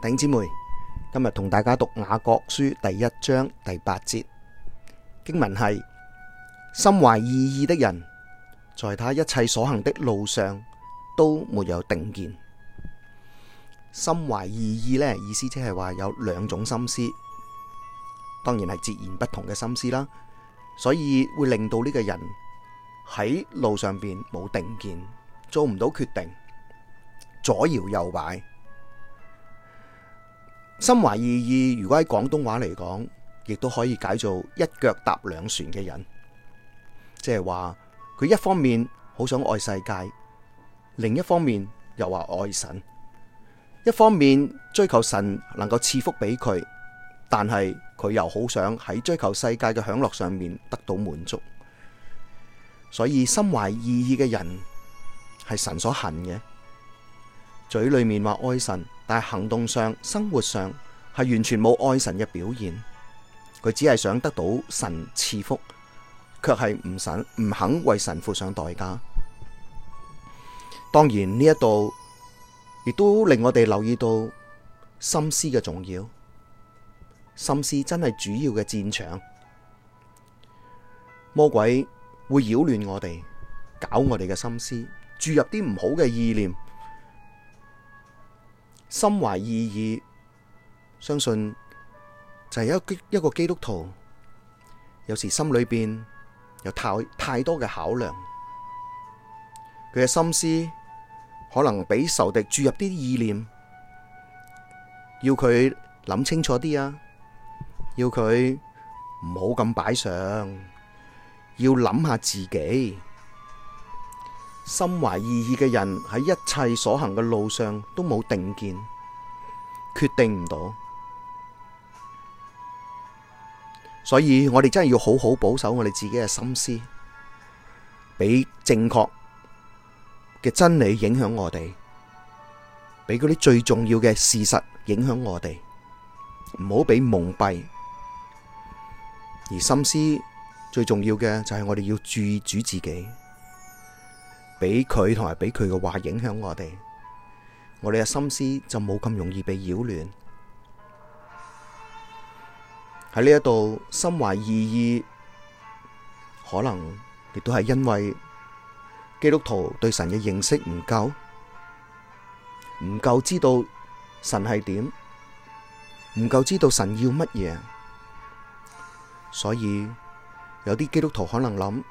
頂姊妹，今日同大家讀雅各書第一章第八節經文係：心懷二意的人，在他一切所行的路上都沒有定見。心懷二意呢，意思即係話有兩種心思，當然係截然不同嘅心思啦，所以會令到呢個人喺路上邊冇定見，做唔到決定，左搖右擺。心懷二意，如果喺廣東話嚟講，亦都可以解做一腳踏兩船嘅人，即係話佢一方面好想愛世界，另一方面又話愛神，一方面追求神能夠賜福俾佢，但係佢又好想喺追求世界嘅享樂上面得到滿足，所以心懷二意嘅人係神所恨嘅。嘴裏面話愛神，但行動上，生活上係完全冇愛神嘅表現。佢只係想得到神賜福，卻係唔想，唔肯為神付上代價。當然呢一度亦都令我哋留意到心思嘅重要。心思真係主要嘅戰場，魔鬼會擾亂我哋，搞我哋嘅心思，注入啲唔好嘅意念。心懷二意，相信就係一基一個基督徒，有時心裏邊有太太多嘅考量，佢嘅心思可能畀仇敵注入啲意念，要佢諗清楚啲啊，要佢唔好咁擺上，要諗下自己。心懷二意嘅人喺一切所行嘅路上都冇定見，決定唔到，所以我哋真係要好好保守我哋自己嘅心思，俾正確嘅真理影響我哋，俾嗰啲最重要嘅事實影響我哋，唔好俾蒙蔽。而心思最重要嘅就係我哋要注意主自己。俾佢同埋俾佢嘅話影響我哋，我哋嘅心思就冇咁容易被擾亂。喺呢一度心懷二意，可能亦都係因為基督徒對神嘅認識唔夠，唔夠知道神係點，唔夠知道神要乜嘢，所以有啲基督徒可能諗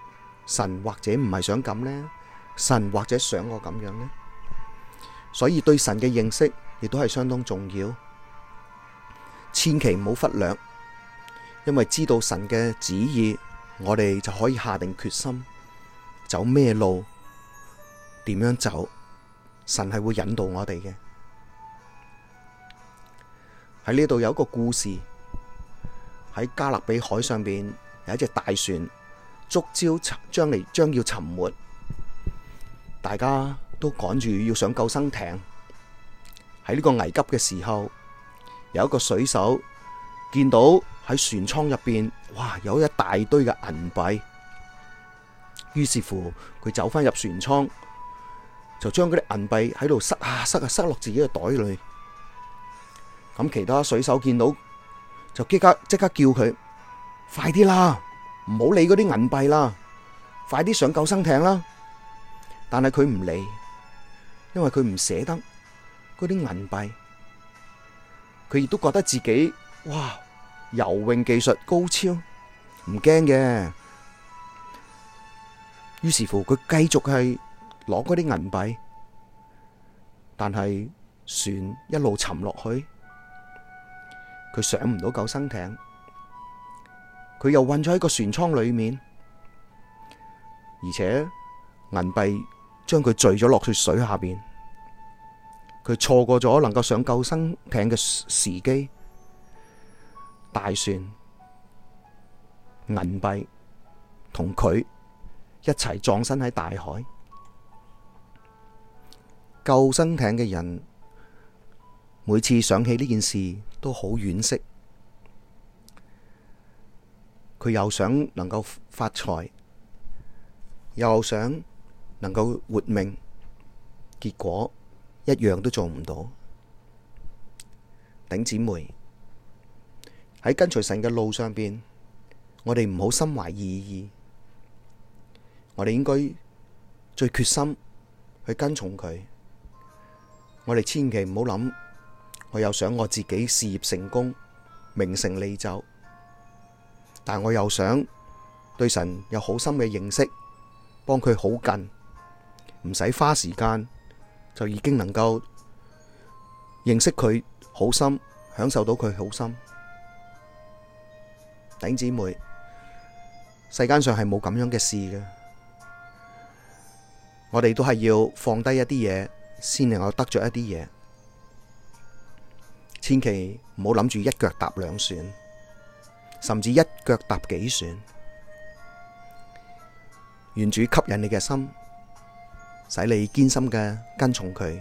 神或者唔係想咁呢，神或者想我咁樣呢，所以對神嘅認識亦都係相當重要，千祈唔好忽略，因為知道神嘅旨意，我哋就可以下定決心，走咩路，點樣走，神係會引導我哋嘅。喺呢度有一個故事，喺加勒比海上邊有一隻大船，逐朝將嚟將要沉沒。大家都趕住要上救生艇，喺呢個危急嘅時候，有一個水手見到喺船艙入邊，哇，有一大堆嘅銀幣。於是乎，佢走翻入船艙，就將嗰啲銀幣喺度塞下、啊、塞下、塞落自己嘅袋裏。咁其他水手見到就即刻即刻叫佢快啲啦，唔好理嗰啲銀幣啦，快啲上救生艇啦！但係佢唔理，因為佢唔捨得嗰啲銀幣。佢亦都覺得自己哇，游泳技術高超，唔驚嘅。於是乎，佢繼續係攞嗰啲銀幣。但係船一路沉落去，佢上唔到救生艇，佢又困咗喺個船艙裏面，而且銀幣。將佢墜咗落去水下邊，佢錯過咗能夠上救生艇嘅時機，大船銀幣同佢一齊葬身喺大海。救生艇嘅人每次想起呢件事都好惋惜，佢又想能夠發財，又想。能夠活命，結果一樣都做唔到。頂姊妹，喺跟隨神嘅路上邊，我哋唔好心懷二意，我哋應該最決心去跟從佢。我哋千祈唔好諗，我又想我自己事業成功、名成利就，但我又想對神有好深嘅認識，幫佢好近。唔使花時間就已經能夠認識佢好心，享受到佢好心，頂姊妹，世間上係冇咁樣嘅事嘅。我哋都係要放低一啲嘢，先能夠得着一啲嘢。千祈唔好諗住一腳踏兩船，甚至一腳踏幾船。願主吸引你嘅心，使你堅心嘅跟從佢。